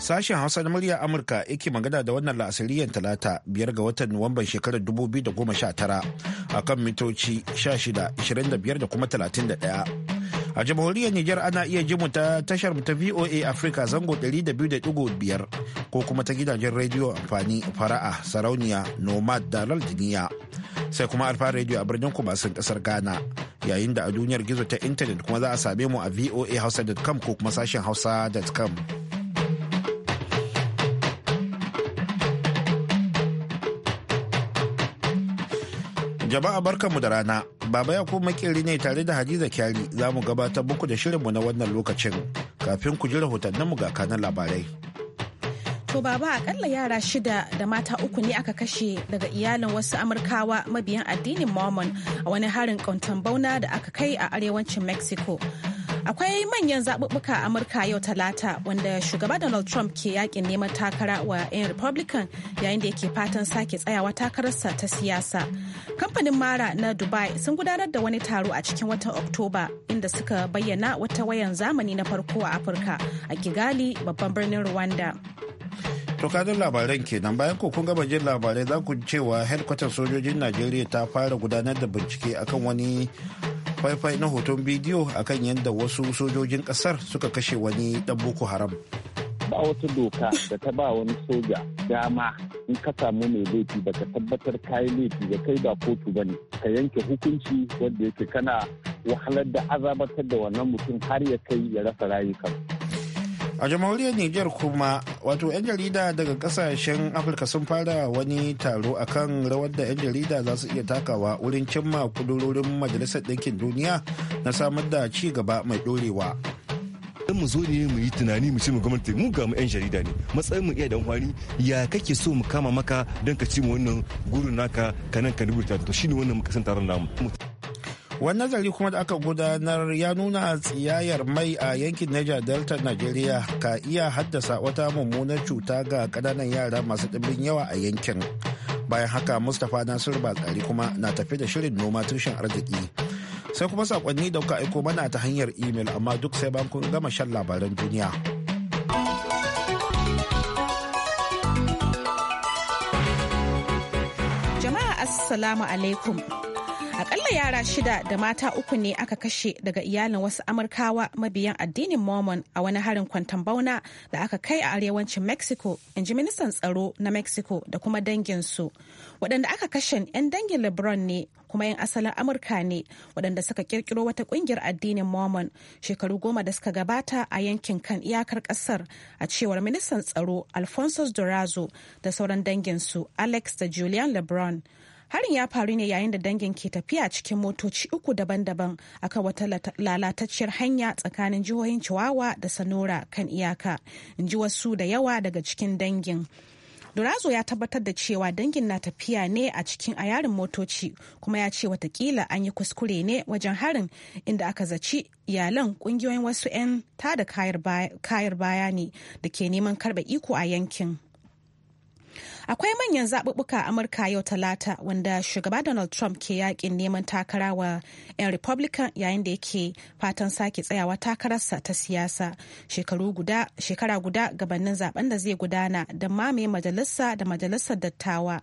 Sashen Hausa na murya Amurka yake magana da wannan la'asariyar talata biyar ga watan Nuwamban shekarar 2019 kan mitoci shida, da kuma 31. A jamhuriyar Nijar ana iya jimu ta tashar ta VOA Africa zango 200.5 ko kuma ta gidajen rediyo amfani fara'a sarauniya nomad da Laldiniya. sai kuma alfa rediyo a birnin kubasin kasar Ghana yayin da a duniyar gizo ta intanet kuma za a same mu a voahausa.com ko kuma sashen hausa.com. Jama'a barkanmu da rana, Baba ya Yakubu makeri ne tare da Hadiza Kyari za mu gabatar muku da shirinmu na wannan lokacin kafin ku ji rahotanninmu ga kanan labarai. To baba akalla yara shida da mata uku ne aka kashe daga iyalin wasu Amurkawa mabiyan addinin Mormon a wani harin bauna da aka kai a arewacin Mexico. Akwai manyan zaɓuɓɓuka a Amurka yau Talata wanda shugaba Donald Trump ke yakin neman takara wa 'yan Republican yayin da yake fatan sake tsayawa takararsa ta siyasa. Kamfanin Mara na Dubai sun gudanar da wani taro a cikin watan Oktoba inda suka bayyana wata wayan zamani na farko a Afirka a Kigali babban birnin Rwanda. To kadin labaran kenan bayan ko kun jin labarai za ku cewa headquarter sojojin Najeriya ta fara gudanar da bincike akan wani faifai na hoton bidiyo akan yadda wasu sojojin kasar suka kashe wani dan boko haram ba wata doka da ta ba wani soja dama in ka samu mai laifi baka tabbatar kayi laifi da kai ba kotu bane ka yanke hukunci wanda yake kana wahalar da azabatar da wannan mutum har ya kai ya rasa rayuka a jamhuriyar niger kuma wato 'yan jarida daga kasashen afirka sun fara wani taro akan rawar da 'yan jarida za su iya takawa wurin cimma kudurorin majalisar ɗinkin duniya na samar da ci gaba mai ɗorewa idan mu zo ne mu yi tunani mu ce mu gwamnati mu ga mu yan jarida ne matsayin mu iya dan hwani ya kake so mu kama maka don ka ci mu wannan gurin naka kanan ka rubuta to shine wannan muka san taron namu wani nazari kuma da aka gudanar ya nuna tsiyayar mai a yankin niger delta nigeria ka iya haddasa wata mummunar cuta ga kananan yara masu ɗimbin yawa a yankin bayan haka mustapha nasir bakari kuma na tafi da shirin noma tushen arziki sai kuma sakonni da kuka aiko mana ta hanyar imel amma duk sai ban kun gama shan labaran duniya jama'a assalamu alaikum Akalla yara shida da mata uku ne aka kashe daga iyalin wasu Amurkawa mabiyan addinin Mormon a wani harin kwantan bauna da aka kai a arewacin Mexico, in ji ministan tsaro na Mexico da kuma danginsu. Waɗanda aka kashe 'yan dangin LeBron ne kuma 'yan asalin Amurka ne waɗanda suka kirkiro wata ƙungiyar addinin Mormon shekaru goma da suka gabata a yankin kan iyakar ƙasar a cewar ministan tsaro Alfonso Durazo da sauran danginsu Alex da Julian LeBron. harin ya faru ne yayin da dangin ke tafiya cikin motoci uku daban-daban akan wata lalatacciyar hanya tsakanin jihohin chihuahua da sanora kan iyaka in ji wasu da yawa daga cikin dangin Durazo ya tabbatar da cewa dangin na tafiya ne a cikin a yarin motoci kuma ya ce watakila an yi kuskure ne wajen harin inda aka zaci iyalan kungiyoyin wasu 'yan tada kayar baya ne da ke neman karɓe iko a yankin. Akwai manyan zaɓuɓɓuka a Amurka yau Talata wanda shugaba Donald Trump ke yakin neman takara wa 'yan Republican yayin da yake fatan sake tsayawa takararsa ta siyasa shekara guda gabanin zaben da zai gudana da mamaye majalisa da majalisar dattawa.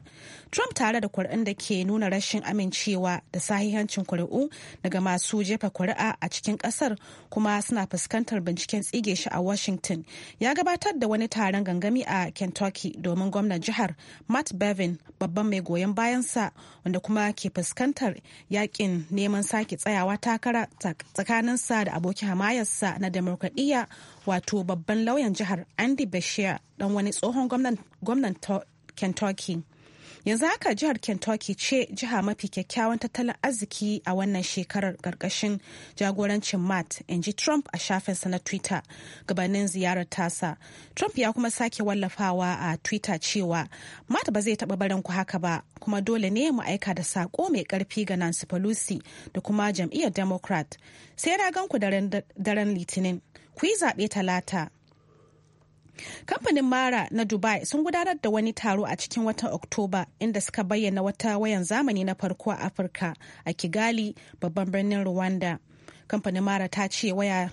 Trump tare da kuri'un da ke nuna rashin amincewa da sahihancin kuri'u daga masu jefa kuri'a a cikin kasar kuma suna fuskantar binciken tsige shi a Washington ya gabatar da wani taron gangami a Kentucky domin gwamnan jihar matt bevin babban mai goyon bayansa wanda kuma ke fuskantar yakin neman sake tsayawa takara sa da abokin hamayarsa na demokradiyya wato babban lauyan jihar andy beshear dan wani tsohon gwamnan kentucky yanzu haka jihar kentucky ce jiha mafi kyakkyawan tattalin arziki a wannan shekarar karkashin jagorancin mat in ji trump a shafinsa na twitter gabanin ziyarar tasa trump ya kuma sake wallafawa a twitter cewa mat ba zai taba barin ku haka ba kuma dole ne mu aika da sako mai karfi ga nancy pelosi da kuma jam'iyyar democrat sai ragan ku daren litinin ku yi zaɓe talata Kamfanin Mara na Dubai sun gudanar da wani taro a cikin watan Oktoba inda suka bayyana wata wayan zamani na farko a Afirka a Kigali babban birnin Rwanda. Kamfanin Mara ta ce waya,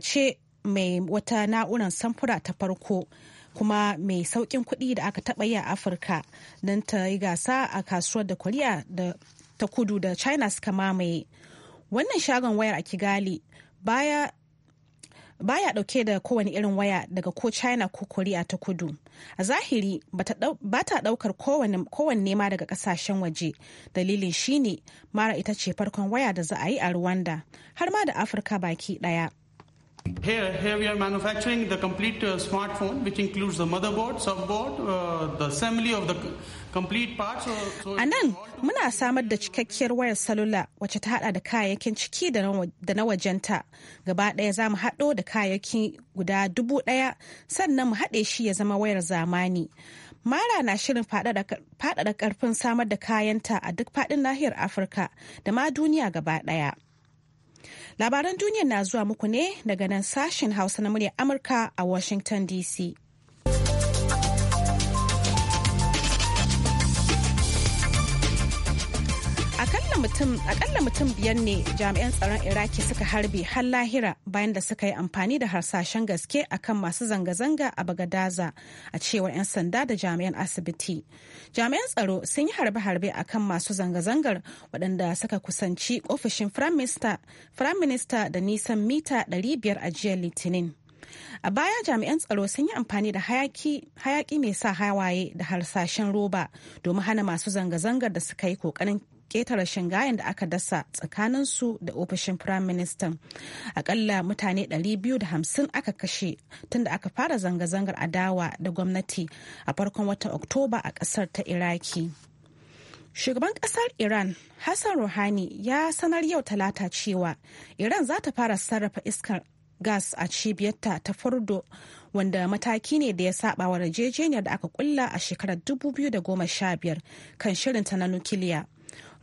ce mai wata na'urar samfura ta farko kuma mai sauƙin kuɗi da aka taɓa yi a Afirka don ta yi gasa a kasuwar da Koriya da ta kudu da China suka mamaye. Wannan shagon wayar a Kigali baya baya dauke da kowane irin waya daga ko china ko korea ta kudu a zahiri ba ta daukar kowanne ma daga kasashen waje dalilin shine mara ita ce farkon waya da za a yi a rwanda har ma da afirka baki daya Here, here we are manufacturing the complete uh, smartphone, which includes the motherboard, subboard, uh, the assembly of the complete parts. So, so a nan muna samar da cikakkiyar wayar salula wacce ta hada da kayayyakin ciki da na wajenta. Gaba ɗaya za mu haɗo da kayayyaki guda dubu ɗaya sannan mu haɗe shi ya zama wayar zamani. Mara na shirin faɗaɗa ƙarfin samar da kayanta a duk faɗin nahiyar Afirka da ma duniya gaba ɗaya. Labaran duniyar na zuwa muku ne daga nan sashen Hausa na murya Amurka a Washington DC. akalla mutum biyan ne jami'an tsaron iraki suka harbe har lahira bayan da suka yi amfani da harsashen gaske akan masu zanga-zanga a bagadaza a cewar 'yan sanda da jami'an asibiti jami'an tsaro sun yi harbe-harbe akan masu zanga-zangar waɗanda suka kusanci ofishin firaminista da nisan mita 500 a jiya litinin a baya jami'an tsaro sun yi amfani da hayaki mai sa hawaye da harsashen roba domin hana masu zanga-zangar da suka yi kokarin rashin shingayen da aka dasa tsakanin su da ofishin firaministan akalla mutane 250 aka kashe tunda aka fara zanga-zangar adawa da gwamnati a farkon watan oktoba a ƙasar ta iraki Shugaban kasar Iran Hassan Rouhani ya sanar yau talata cewa Iran za ta fara sarrafa iskar gas a cibiyarta ta fardo wanda mataki ne da ya saba wa yarjejeniyar da aka kulla a shekarar 2015 kan shirinta na nukiliya.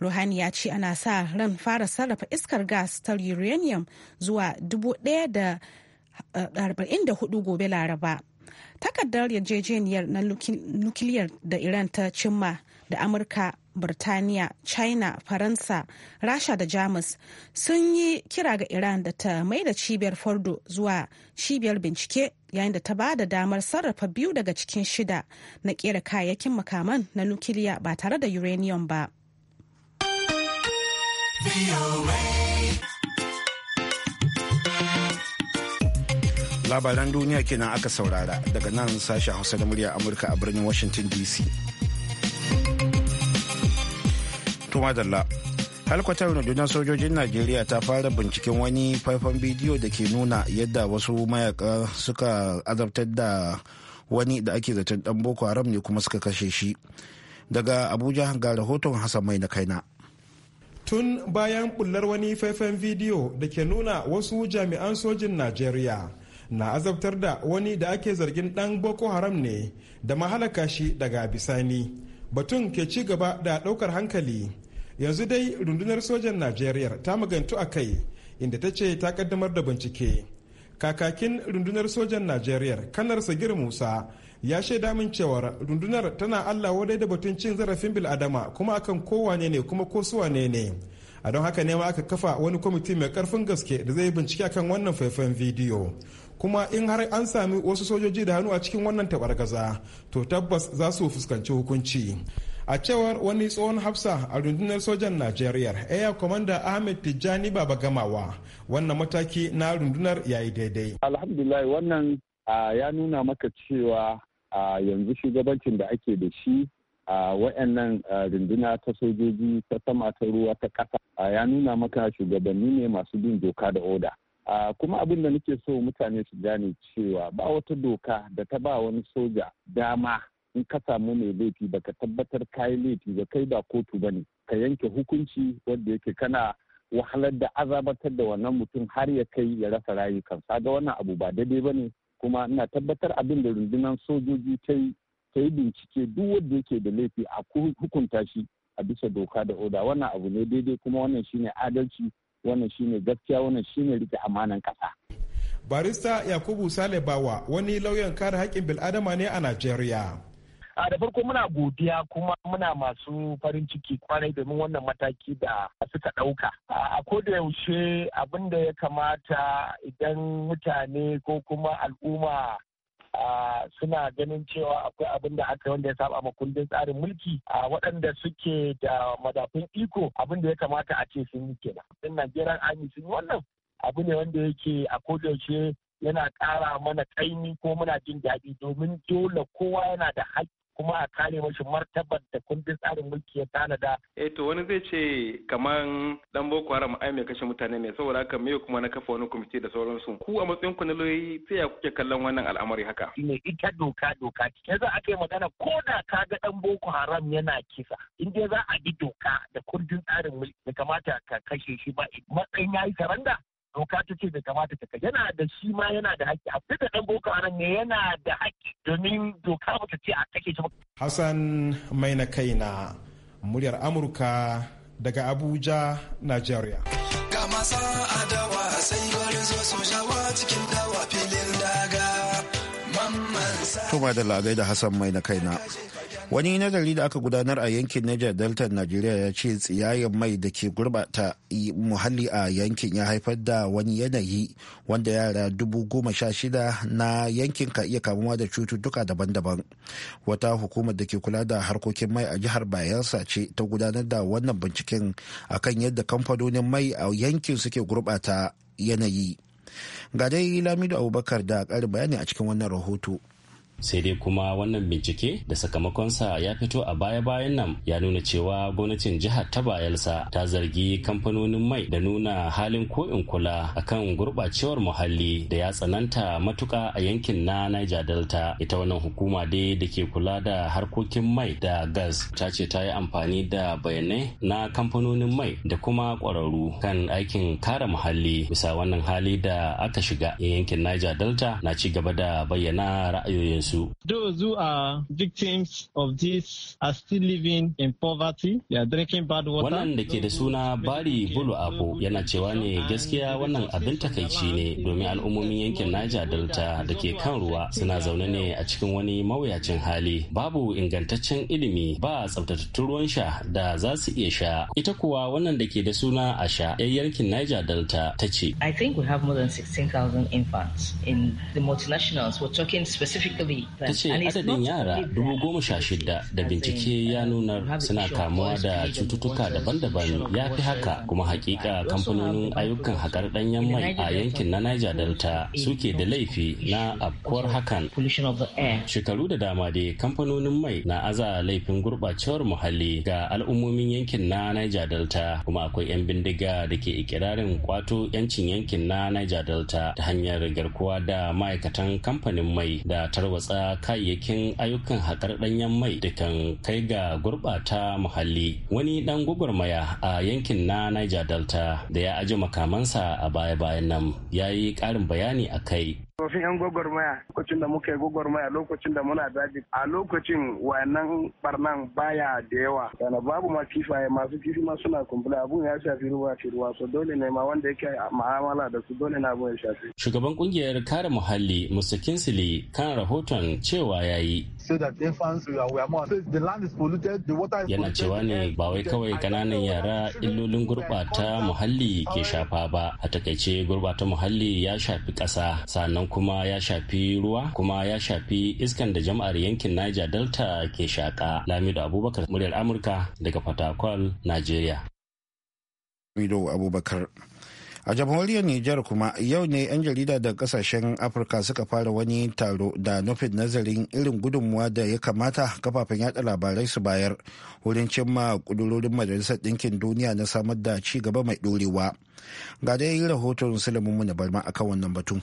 Rouhani ya ce ana sa ran fara sarrafa iskar gas ta uranium zuwa 1,044 gobe Laraba. Takardar yarjejeniyar na nukiliyar da Iran ta cimma da Amurka burtaniya China, Faransa, Rasha da Jamus sun yi kira ga Iran da ta maida cibiyar Fordo zuwa cibiyar bincike yayin da ta ba da damar sarrafa biyu daga cikin shida na kera kayayyakin makaman na nukiliya ba tare da uranium ba. Labaran duniya kenan aka saurara daga nan sashen Hausa da murya Amurka a birnin Washington DC. Tuma Dalla. halkwatar rundunar sojojin najeriya ta fara binciken wani faifan bidiyo da ke nuna yadda wasu mayaka suka azabtar da wani da ake zaton dan boko haram ne kuma suka kashe shi daga abuja ga rahoton hassan mai na kaina tun bayan bullar wani faifan bidiyo da ke nuna wasu jami'an sojin najeriya na azabtar da wani da ake zargin dan boko haram ne da mahalaka shi daga bisani batun ke ci gaba da daukar hankali yanzu dai rundunar sojan najeriya ta magantu a kai inda ta ce ta kaddamar da bincike kakakin rundunar sojan najeriya kanar sagir musa ya shaida min cewa rundunar tana allah wadai da batun cin zarafin bil'adama kuma akan kowane ne kuma ko su wane ne a don haka ne ma aka kafa wani kwamiti mai karfin gaske da zai bincike akan wannan faifan bidiyo kuma in har an sami wasu sojoji da hannu a cikin wannan tabargaza to tabbas za su fuskanci hukunci a cewar wani tsohon hafsa a rundunar sojan najeriya air commander ahmed tijjani baba gamawa wannan mataki na rundunar yayi daidai alhamdulillah wannan ah, ya nuna maka cewa a yanzu shugabancin da ake da shi a wayannan runduna ta sojoji ta sama ta ruwa ta ƙasa ya nuna maka shugabanni ne masu bin doka da oda kuma abin da nake so mutane su gane cewa ba wata doka da ta ba wani soja dama in ka samu mai laifi baka tabbatar kayi laifi ba kai ba kotu bane ka yanke hukunci wanda yake kana wahalar da azabatar da wannan mutum har ya kai ya rasa rayukan ga wannan abu ba daidai bane kuma ina tabbatar abin da rundunar sojoji ta yi ta yi bincike duk wanda yake da laifi a hukunta shi a bisa doka da oda wannan abu ne daidai kuma wannan shine adalci wannan shine gaskiya wannan shine rike amanan kasa barista yakubu sale bawa wani lauyan kare haƙƙin bil'adama ne a najeriya a da farko muna godiya kuma muna masu farin ciki kwarai domin wannan mataki da suka ɗauka. A da yaushe abin da ya kamata idan mutane ko kuma al'umma suna ganin cewa akwai abin da aka wanda ya saba ma kundin tsarin mulki a waɗanda suke da madafin iko abin da ya kamata a ce sun yi kenan. Din Najeriya Army sun yi wannan abu ne wanda yake a kodayaushe yana ƙara mana ƙaimi ko muna jin daɗi domin dole kowa yana da haƙƙi kuma a kare mashi martabar da kundin tsarin mulki ya tanada. Eh to wani zai ce kaman dan Boko Haram ai mai kashe mutane ne saboda haka me kuma na kafa wani kwamiti da sauransu. Ku a matsayin ku na sai ya kuke kallon wannan al'amari haka. Ne ita doka doka ce. za a kai magana ko da ka ga dan Boko Haram yana kisa in dai za a bi doka da kundin tsarin mulki ne kamata ka kashe shi ba matsayin yayi saranda doka ta ce bai kamata ta kai yana da shi ma yana da haƙƙi a fita ɗan boko haram ne yana da haƙƙi domin doka ba ta ce a kake shi Hassan mai na kaina muryar Amurka daga Abuja, Nigeria. Ga masu sai cikin dawa da lagai da Hassan mai na kaina. wani nazari da aka gudanar a yankin niger delta najeriya ya ce tsiyayen mai da ke gurbata muhalli a yankin ya haifar da wani yanayi wanda yara dubu goma sha shida na yankin ka iya kamuwa da cututtuka daban-daban wata hukumar da ke kula da harkokin mai a jihar bayelsa ce ta gudanar da wannan binciken akan yadda kamfanonin mai a yankin suke gurbata yanayi ga dai lamido abubakar da ƙarin bayani a cikin wannan rahoto sai dai kuma wannan bincike da sakamakonsa ya fito a baya-bayan nan ya nuna cewa gwamnatin jihar ta bayelsa ta zargi kamfanonin mai da nuna halin ko'in kula akan gurɓacewar muhalli da ya tsananta matuka a yankin na niger delta ita wannan hukuma dai da ke kula da harkokin mai da gas ta ce ta yi amfani da bayanai na kamfanonin mai da kuma ƙwararru kan aikin kare muhalli bisa wannan hali da aka shiga yankin niger delta na ci gaba da bayyana ra'ayoyinsu su. Those who are victims of this are still living in poverty, they are drinking bad water. Wannan da ke da suna Bari Bulu Abu yana cewa ne gaskiya wannan abin takaici ne domin al'ummomin yankin Niger Delta da ke kan ruwa suna zaune ne a cikin wani mawuyacin hali. Babu ingantaccen ilimi ba tsaftatattun ruwan sha da za su iya sha. Ita kuwa wannan da ke da suna Asha yan yankin Niger Delta ta ce. I think we have more than 16,000 infants in the multinationals. We're talking specifically ta ce adadin yara dubu goma sha shida da bincike ya nuna suna kamuwa da cututtuka daban-daban ya fi haka kuma hakika kamfanonin ayyukan haƙar ɗanyen mai a yankin na niger delta suke da laifi na afkuwar hakan shekaru da dama dai kamfanonin mai na aza laifin gurɓacewar muhalli ga al'ummomin yankin na niger delta kuma akwai 'yan bindiga da ke ikirarin kwato 'yancin yankin na niger delta ta hanyar garkuwa da ma'aikatan kamfanin mai da tarwatsa Matsa kayayyakin ayyukan haƙar ɗanyen mai da kan kai ga gurɓata muhalli wani ɗan gwagwarmaya a yankin na niger delta da ya aji makamansa a baya-bayan nan ya yi ƙarin bayani a kai tsofin yan gwagwarmaya lokacin da muka yi gwagwarmaya lokacin da muna daji a lokacin wannan barnan baya da yawa yana babu ma kifaye masu kifi ma suna kumbula abun ya shafi ruwa shi ruwa so dole ne ma wanda yake ma'amala da su dole na abun ya shafi shugaban kungiyar kare muhalli Musa Kinsili, kan rahoton cewa ya yi. Yana cewa ne ba wai kawai kananan yara illolin gurbata muhalli ke shafa ba. A takaice gurbata muhalli ya shafi ƙasa, sannan kuma ya shafi ruwa, kuma ya shafi iskan da jama'ar yankin Niger Delta ke shaƙa. Lamido Abubakar muryar Amurka daga Fatakwal, Najeriya. Abubakar. a jamhuriyar niger kuma yau ne 'yan jarida da kasashen afirka suka fara wani taro da nufin nazarin irin gudunmuwa da ya kamata kafafen yada labarai su bayar wurin cimma kudurorin majalisar ɗinkin duniya na samar da ci gaba mai ɗorewa ga dai rahoton silimin na barma akan wannan batun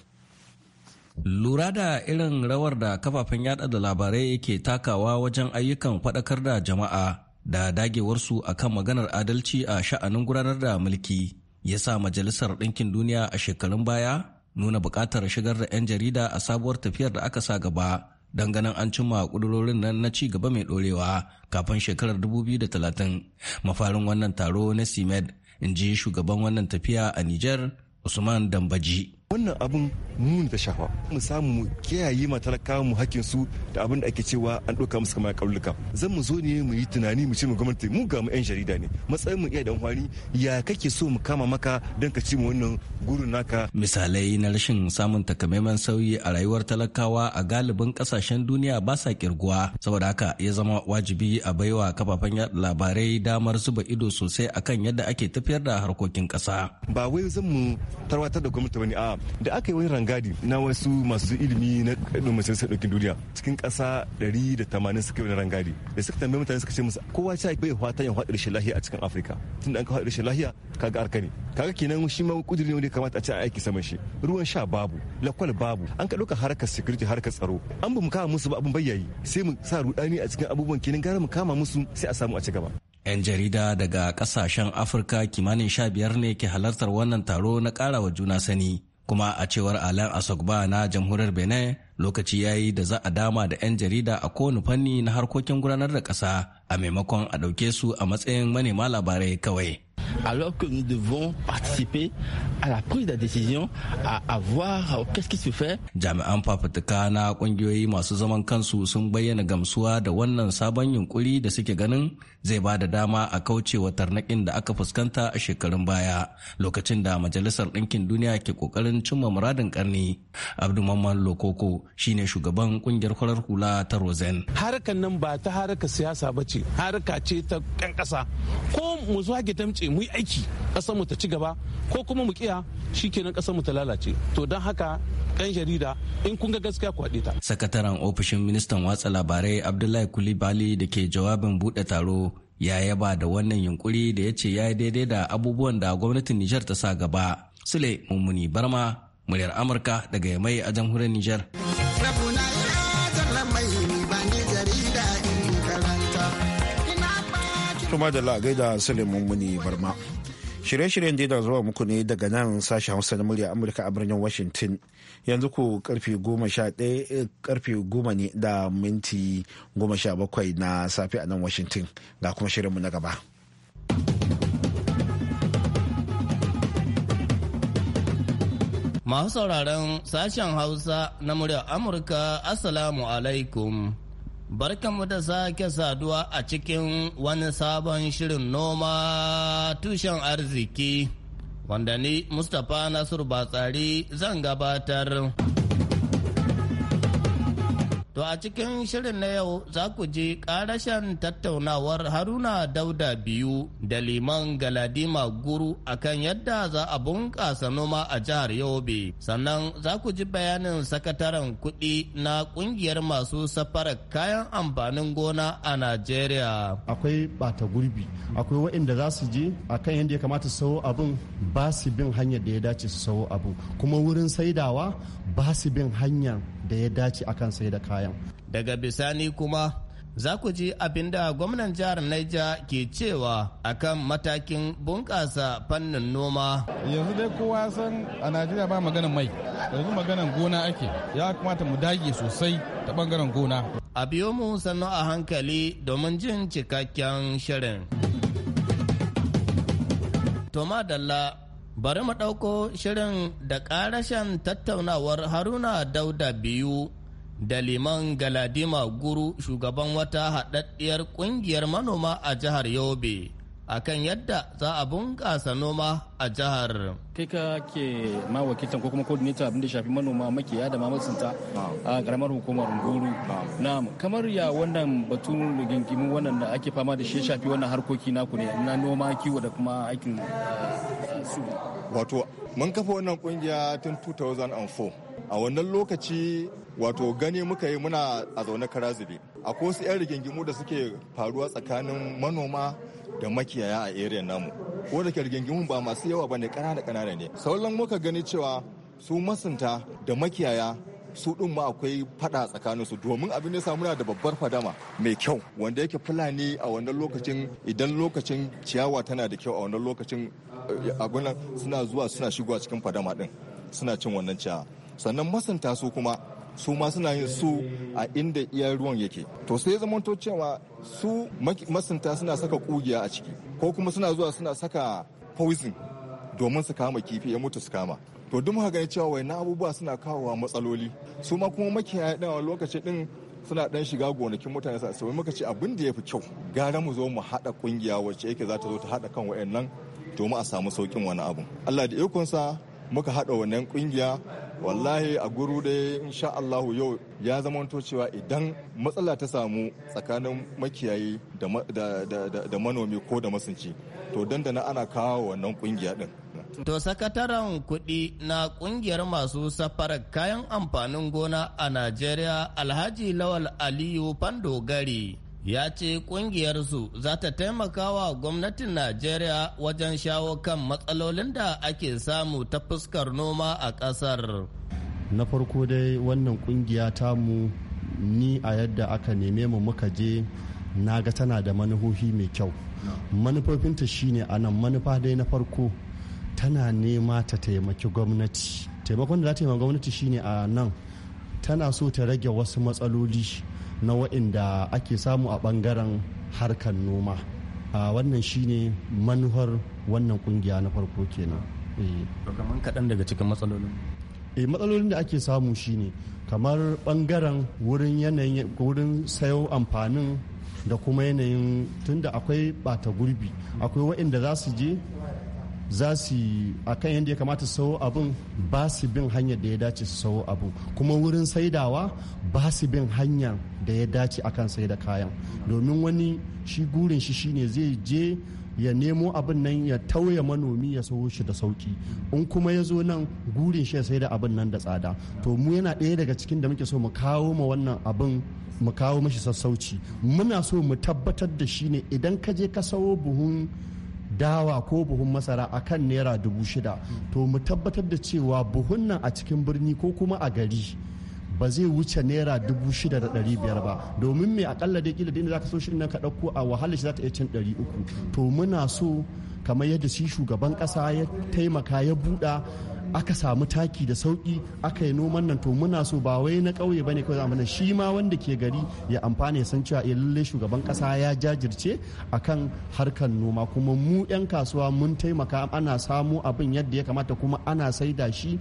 Lura da irin rawar da kafafen yada da labarai yake takawa wajen ayyukan faɗakar da jama'a da dagewarsu akan maganar adalci a sha'anin gudanar da mulki ya sa majalisar ɗinkin duniya a shekarun baya nuna buƙatar shigar da 'yan jarida a sabuwar tafiyar da aka sa gaba don ganin an cimma ƙudurorin nan na ci gaba mai ɗorewa kafin shekarar 2030 mafarin wannan taro na cmed in ji shugaban wannan tafiya a niger usman dambaji wannan abun mun ta shafa mu samu mu kiyaye ma talakawa mu hakkin su da abin da ake cewa an ɗauka musu kamar kauluka zan mu zo ne mu yi tunani mu ce mu gwamnati mu ga mu yan jarida ne matsayin mu iya da amfani ya kake so mu kama maka don ka ci mu wannan gurin naka misalai na rashin samun takamaiman sauyi a rayuwar talakawa a galibin kasashen duniya ba sa kirguwa saboda haka ya zama wajibi a baiwa kafafen yaɗa labarai damar zuba ido sosai akan yadda ake tafiyar da harkokin kasa ba wai zan mu tarwatar da gwamnati ba ne a da aka yi wani rangadi na wasu masu ilimi na masu majalisar ɗaukin duniya cikin ƙasa 180 suka yi wani rangadi da suka tambaye mutane suka ce musu kowa ta bai fata yin haɗa rashin lahiya a cikin afirka tunda an ka haɗa rashin lahiya kaga arka ne kaga kenan shi ma kudiri ne wanda ya kamata a ce a aiki saman shi ruwan sha babu lakwal babu an ka ɗauka harkar security harkar tsaro an ba mu kama musu ba abin bayyayi sai mu sa rudani a cikin abubuwan kenan gara mu kama musu sai a samu a ci gaba 'yan jarida daga kasashen afirka kimanin sha biyar ne ke halartar wannan taro na karawa juna sani kuma a cewar alan asogba na jamhuriyar benin lokaci ya yi da za a dama da 'yan jarida a kowane fanni na harkokin gudanar da ƙasa a maimakon a ɗauke su a matsayin manema labarai kawai alors que nous devons participer a la prise de décision à a voir qu'est-ce qui se fait. Jami'an fafutuka na ƙungiyoyi masu zaman kansu sun bayyana gamsuwa da wannan sabon yunkuri da suke ganin zai ba da dama a kaucewa tarnaƙin da aka fuskanta a shekarun baya lokacin da majalisar ɗinkin duniya ke ƙoƙarin cimma muradin ƙarni. Abdulmaman Lokoko shine shugaban ƙungiyar farar hula ta Rosen. Harkar nan ba ta harkar siyasa ba ce, harka ce ta 'yan ƙasa. Ko mu zuwa gidan mu yi aiki ƙasar mu ta ci gaba ko kuma mu kiya shikenan ƙasar mu ta lalace to don haka kan jarida in kun ga gaskiya ku ta. sakataren ofishin ministan watsa labarai abdullahi kulibali da ke jawabin buɗe taro ya yaba da wannan yunkuri da ya ce ya yi daidai da abubuwan da gwamnatin nijar ta sa gaba sule mummuni barma muryar amurka daga yamai a jamhuriyar nijar. Tuma da a da Suleiman Muni Barma. Shirye-shiryen da zuwa muku ne daga nan sashi Hausa na murya Amurka a birnin Washington. Yanzu ku karfe goma sha ɗaya eh, karfe goma ne da minti goma sha bakwai na safe a nan Washington ga kuma shirinmu na gaba. Masu sauraron sashen Hausa na murya Amurka, Assalamu alaikum. Barkanmu da sake saduwa a cikin wani sabon shirin noma tushen arziki wanda ni Mustapha Nasiru Batsari zan gabatar. To a cikin shirin na yau za ku ji ƙarashen tattaunawar Haruna Dauda biyu da liman Galadima Guru akan yadda za a bunƙasa noma a jihar Yobe. Sannan za ku ji bayanin sakataren kuɗi na ƙungiyar masu safarar kayan amfanin gona a Najeriya. Akwai ɓata gurbi, akwai waɗanda za su je a kan yadda ya kamata su sawo abin ba su bin hanyar da ya dace su sawo abin. Kuma wurin saidawa ba su bin hanyar da ya dace akan sai da kayan daga bisani kuma za ku ji abin da gwamnan jihar Niger ke cewa akan matakin bunƙasa fannin noma. Yanzu dai kowa san a Najeriya ba maganan mai, yanzu maganan gona ake, ya kamata mu dage sosai ta bangaren gona. A biyo mu sannu a hankali domin jin cikakken shirin. Toma Dalla Bari mu ɗauko shirin da ƙarashen tattaunawar Haruna Dauda biyu da liman Galadima Guru shugaban wata haɗaɗɗiyar ƙungiyar manoma a jihar Yobe. akan yadda za a bunƙasa noma a jihar. Kai ka ke ma wakiltan ko kuma coordinator abinda shafi manoma makiya da mamasinta a karamar hukumar guru Na kamar ya wannan batun rigingimu wannan da ake fama da shi shafi wannan harkoki naku ne na noma kiwo da kuma aikin eh, su wato mun kafa wannan kungiya tun 2004 a wannan lokaci wato gani muka yi muna a zaune kara zube akwai wasu 'yan rigingimu da suke faruwa tsakanin manoma da makiyaya a area namu ko da ke ba masu yawa ba ne ƙanana ƙanana ne sauran muka gani cewa su masunta da makiyaya su ɗin ma akwai fada tsakanin su domin abin ne samu muna da babbar fadama mai kyau wanda yake fulani a wannan lokacin idan lokacin ciyawa tana da kyau a wannan lokacin abunan suna zuwa suna shigowa cikin fadama din suna cin wannan ciyawa sannan masanta su kuma su ma suna yin su a inda iya ruwan yake to sai to cewa su masanta suna saka kugiya a ciki ko kuma suna zuwa suna saka poison domin su kama kifi ya mutu su kama to duk muka gani cewa wai na abubuwa suna kawowa matsaloli su ma kuma makiyaya a lokaci din suna dan shiga gonakin mutane sa sai muka ce abin da ya fi kyau gara mu zo mu hada kungiya wacce yake za ta zo ta hada kan wayannan domin a samu saukin wani abu allah da ikonsa muka haɗa wannan ƙungiya wallahi a guru da insha Allahu yau ya zama cewa idan matsala ta samu tsakanin makiyayi da manomi ko da masunci to dandana ana kawo wannan ƙungiya ɗin To sakataren kuɗi na ƙungiyar masu safarar kayan amfanin gona a Najeriya Alhaji Lawal Aliyu pandogari ya ce kungiyarsu za ta taimaka wa gwamnatin Najeriya wajen shawo kan matsalolin da ake samu ta fuskar noma a ƙasar. Na farko dai wannan kungiya mu ni a yadda aka neme mu muka je na ga tana da manufofi mai kyau. Manufofinta shine a nan manufa dai na farko tana nema ta taimaki gwamnati. Taimakon da za ta yi gwamnati shine a nan tana so ta rage wasu matsaloli. na waɗanda ake samu a ɓangaren harkar noma wannan shine manuhar wannan kungiya na farko kenan eh. kamar kaɗan daga cikin matsalolin e matsalolin da ake samu shine kamar ɓangaren wurin yanayin sayo amfanin da kuma yanayin tunda akwai bata gurbi akwai waɗanda za su je za su akan yadda ya kamata su sawo abin ba su bin hanyar da ya dace su sawo abin kuma wurin saidawa ba su bin hanyar da ya dace akan sai da kayan domin wani shi gurin shi shine zai je ya nemo abin nan ya tauye manomi ya sayo shi da sauki in kuma ya zo nan gurin shi ya sai da abin nan da tsada to mu yana ɗaya daga cikin da muke so mu kawo ma wannan abin mu kawo mashi sassauci muna so mu tabbatar da shi ne idan ka je ka sayo buhun dawa ko buhun masara a kan naira dubu shida to mu tabbatar da cewa buhun nan a cikin birni ko kuma a gari ba zai wuce naira dubu shida da ɗari biyar ba domin mai akalla da kila da za ka so shirin nan ka ɗauko a wahala shi za ta iya cin ɗari uku to muna so kamar yadda shi shugaban ƙasa ya taimaka ya buɗa aka samu taki da sauki aka yi noman nan to muna so ba wai na ƙauye bane kawai zamana shi ma wanda ke gari ya amfana ya san cewa ya eh, lalle shugaban kasa ya jajirce a kan harkar noma kuma mu 'yan kasuwa mun taimaka ana samu abin yadda ya kamata kuma ana saida shi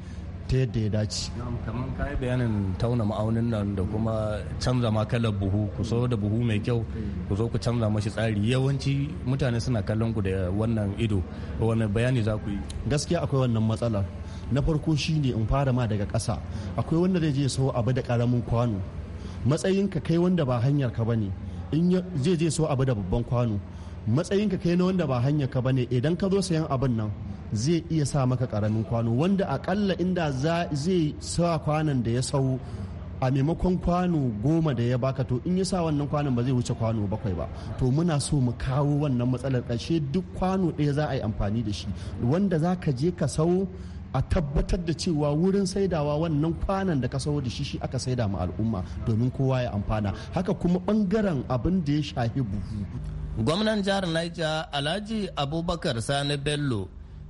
ta yadda ya dace. kamar yi bayanin tauna ma'aunin nan da kuma canza ma kalar buhu ku so da buhu mai kyau ku zo ku canza mashi tsari yawanci mutane suna kallon ku da wannan ido wani bayani za ku yi gaskiya akwai wannan matsalar na farko shine in fara ma daga kasa akwai wanda zai je so abu da ƙaramin kwano matsayinka kai wanda ba hanyar ka bane in zai je so abu da babban kwano matsayinka kai na wanda ba hanyar ka bane idan ka zo sayan abin nan zai iya sa maka karamin kwano wanda akalla inda zai sa kwanan da ya sau a maimakon kwano goma da ya baka to in ya sa wannan kwanon ba zai wuce kwano bakwai ba to muna so mu kawo wannan matsalar ƙarshe duk kwano ɗaya za a yi amfani da shi wanda za ka je ka sau a tabbatar da cewa wurin saidawa wannan kwanan da ka sayo da shi aka saida ma al'umma domin kowa ya amfana haka kuma bangaren abin da ya shafi buhu gwamnan jihar niger alhaji abubakar sani bello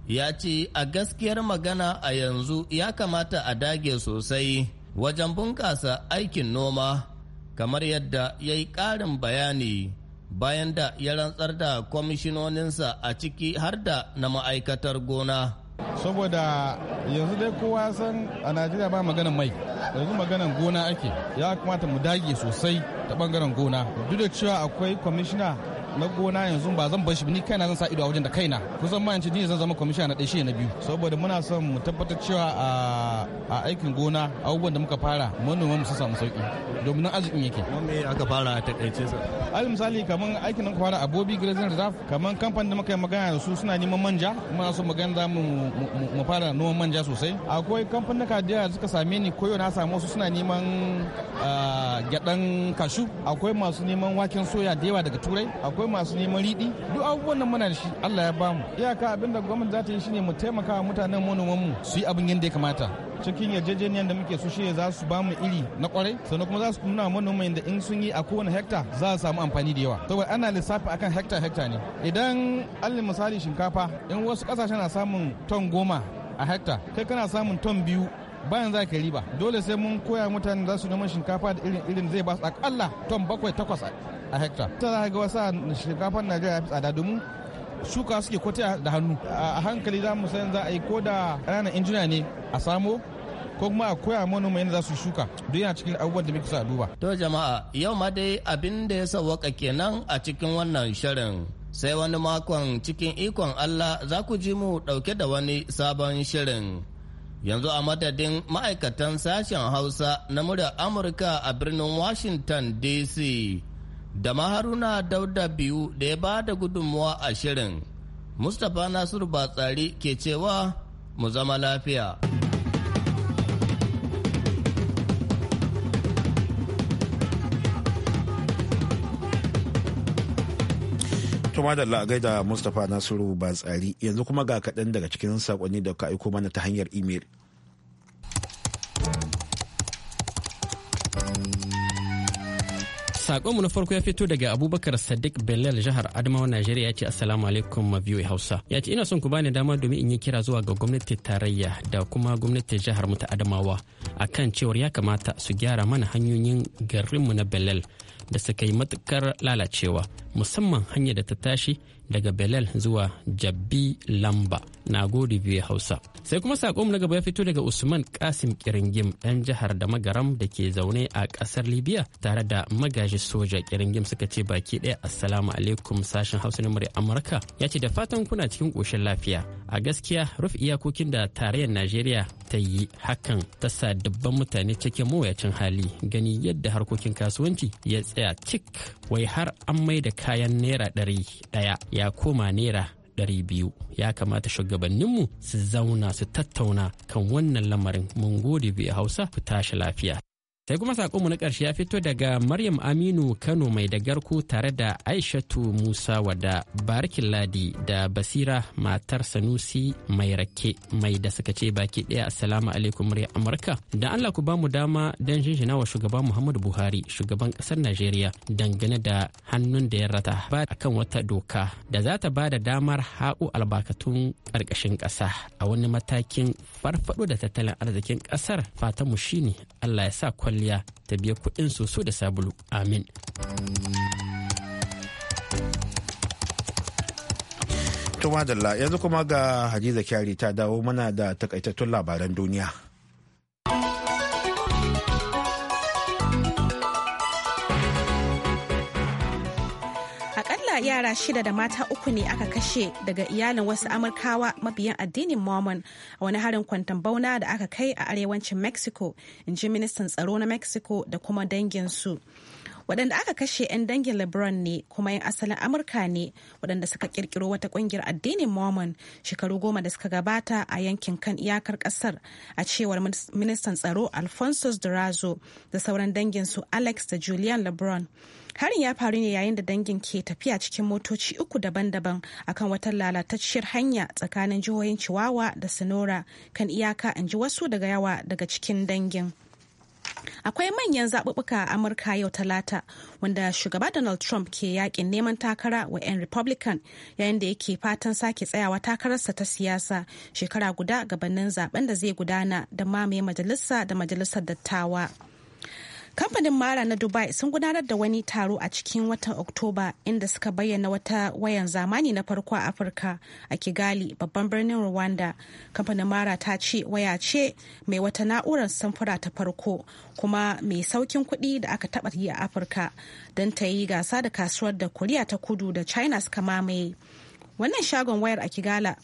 ya ce a gaskiyar magana a yanzu ya kamata a dage sosai wajen bunƙasa aikin noma kamar yadda ya yi ƙarin bayani bayan da ya rantsar da kwamishinoninsa a ciki har da na ma'aikatar gona saboda yanzu dai kowa san a najeriya ba maganan mai yanzu maganan gona ake ya kamata mu dage sosai ta bangaren gona duk da cewa akwai kwamishina na gona yanzu ba zan bar shi ni kaina zan sa ido a wajen da kaina kusan ma yanci ni zan zama kwamishina na ɗaya shi na biyu saboda muna son mu tabbatar cewa a aikin gona abubuwan da muka fara manoma mu samu sauki domin nan arzikin yake. Me aka fara a takaice sa? Al misali kamar aikin da fara a Bobi Grazing Reserve kamar kamfanin da muka yi magana da su suna neman manja muna so magana za mu fara noman manja sosai. Akwai kamfanin da suka same ni koyo na samu wasu suna neman ah, gyaɗan kashu akwai masu neman waken soya da yawa daga turai akwai akwai masu neman riɗi duk abubuwan nan muna da shi Allah ya bamu iyaka abinda gwamnati za ta yi shine mu taimaka wa mutanen manoman mu su yi abin yadda ya kamata cikin yarjejeniyar da muke su shi za su bamu iri na kwarai sannan kuma za su nuna manoman yadda in sun yi a kowane hekta za su samu amfani da yawa saboda ana lissafi akan hekta hekta ne idan alli misali shinkafa in wasu kasashen na samun ton goma a hekta kai kana samun ton biyu bayan za ka riba dole sai mun koya mutane za su neman shinkafa da irin irin zai ba su akalla ton bakwai takwas a hekta ta za ga wasa shinkafar najeriya ya fi tsada domin shuka suke kwata da hannu a hankali za mu san za a yi ko da ƙananan injina ne a samo ko kuma a koya manoma yadda za su shuka duk yana cikin abubuwan da muke sa duba. To jama'a yau ma dai abin da ya sawwaka kenan a cikin wannan shirin. Sai wani makon cikin ikon Allah za ku ji mu ɗauke da wani sabon shirin. Yanzu a madadin ma'aikatan sashen Hausa na muryar Amurka a birnin Washington DC. da maharuna dauda biyu da ya ba da gudunmuwa a shirin mustapha nasiru batsari ke cewa mu zama lafiya kuma da la'agai da mustapha nasiru batsari yanzu kuma ga kaɗan daga cikin saƙonni da ka aiko mana ta hanyar imel Sakonmu na farko ya fito daga Abubakar Sadiq Belal jihar Adamawa Najeriya ya ce Assalamu alaikum biyu Hausa. Ya ce ina son ku bani dama domin in yi kira zuwa ga gwamnati tarayya da kuma gwamnati jihar mu ta Adamawa akan cewar ya kamata su gyara mana hanyoyin garinmu na bellal da suka yi matukar lalacewa musamman hanyar da ta tashi daga belal zuwa jabi lamba na gode biyu hausa sai kuma sakon na gaba ya fito daga usman kasim kiringim dan jihar da magaram da ke zaune a ƙasar libya tare da magaji soja kiringim suka ce baki ɗaya assalamu alaikum sashen hausa na murya amurka ya ce da fatan kuna cikin koshin lafiya a gaskiya rufe iyakokin da tarayyar najeriya ta yi hakan ta sa dubban mutane cikin mawuyacin hali gani yadda harkokin kasuwanci ya tsaya cik wai har an mai da kayan naira ɗari ɗaya ya koma naira ɗari biyu ya kamata shugabanninmu su zauna su tattauna kan wannan lamarin mun gode biyu hausa ku tashi lafiya sai kuma mu na ƙarshe ya fito daga maryam aminu kano mai dagarku tare da aishatu musa wada Barkin ladi da basira matar sanusi mai rake mai da suka ce baki ɗaya assalamu alaikum murya amurka da allah ku bamu dama don jinjina wa shugaban muhammadu buhari shugaban ƙasar najeriya dangane da hannun da ya rata ba a kan wata doka da za ta ba da damar haƙo albarkatun ƙarƙashin ƙasa a wani matakin farfaɗo da tattalin arzikin ƙasar fatanmu shine allah ya sa kwalliya ta biya kuɗin soso da sabulu amin to yanzu kuma ga hadiza kyari ta dawo mana da takaitattun labaran duniya yara shida da mata uku ne aka kashe daga iyalin wasu amurkawa mabiyan addinin mormon a wani harin kwantan bauna da aka kai a arewacin mexico in ji ministan tsaro na mexico da kuma danginsu su waɗanda aka kashe 'yan dangin lebron ne kuma 'yan asalin amurka ne waɗanda suka kirkiro wata ƙungiyar addinin mormon shekaru goma da suka gabata a yankin kan iyakar ƙasar a cewar ministan tsaro alfonso durazo da sauran dangin su alex da julian lebron harin ya faru ne yayin da dangin ke tafiya cikin motoci uku daban-daban akan wata lalatacciyar hanya tsakanin jihohin chihuahua da sonora kan iyaka in ji wasu daga yawa daga cikin dangin. akwai manyan zaɓuɓɓuka a amurka yau talata wanda shugaba donald trump ke yakin neman takara wa 'yan republican yayin da yake fatan sake tsayawa takararsa ta siyasa shekara guda gabanin zaben da zai gudana da mamaye majalisa da majalisar dattawa. kamfanin mara na dubai sun gudanar da wani taro a cikin watan oktoba inda suka bayyana wata wayan zamani na farko a afirka a kigali babban birnin rwanda kamfanin mara ta ce waya ce mai wata na'urar samfura ta farko kuma mai saukin kuɗi da aka taɓa yi a afirka don ta yi gasa da kasuwar da koriya ta kudu da china suka mamaye wannan shagon wayar a kigala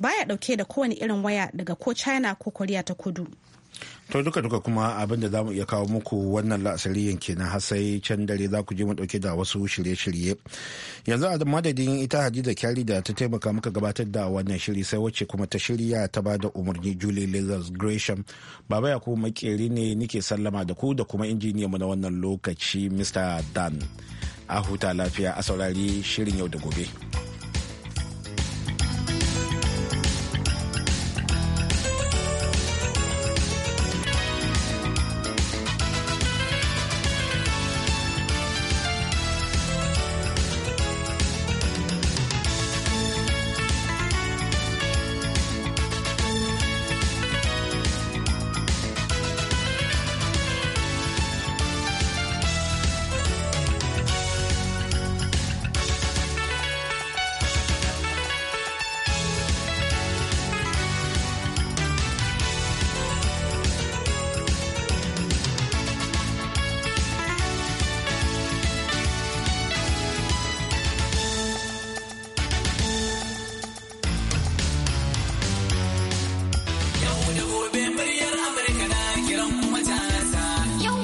baya ɗauke da kowane irin waya daga ko china ko koriya ta kudu to duka duka kuma abin da zamu iya kawo muku wannan la'asariyan kenan har sai can dare za ku je mu dauke da wasu shirye-shirye yanzu a madadin ita hadiza kyari da ta taimaka muka gabatar da wannan shiri sai wacce kuma ta shirya ta ba da umarni julie lizards gresham baba ya kuma makeri ne nike sallama da ku da kuma injiniyan mu na wannan lokaci mr dan a huta lafiya a saurari shirin yau da gobe.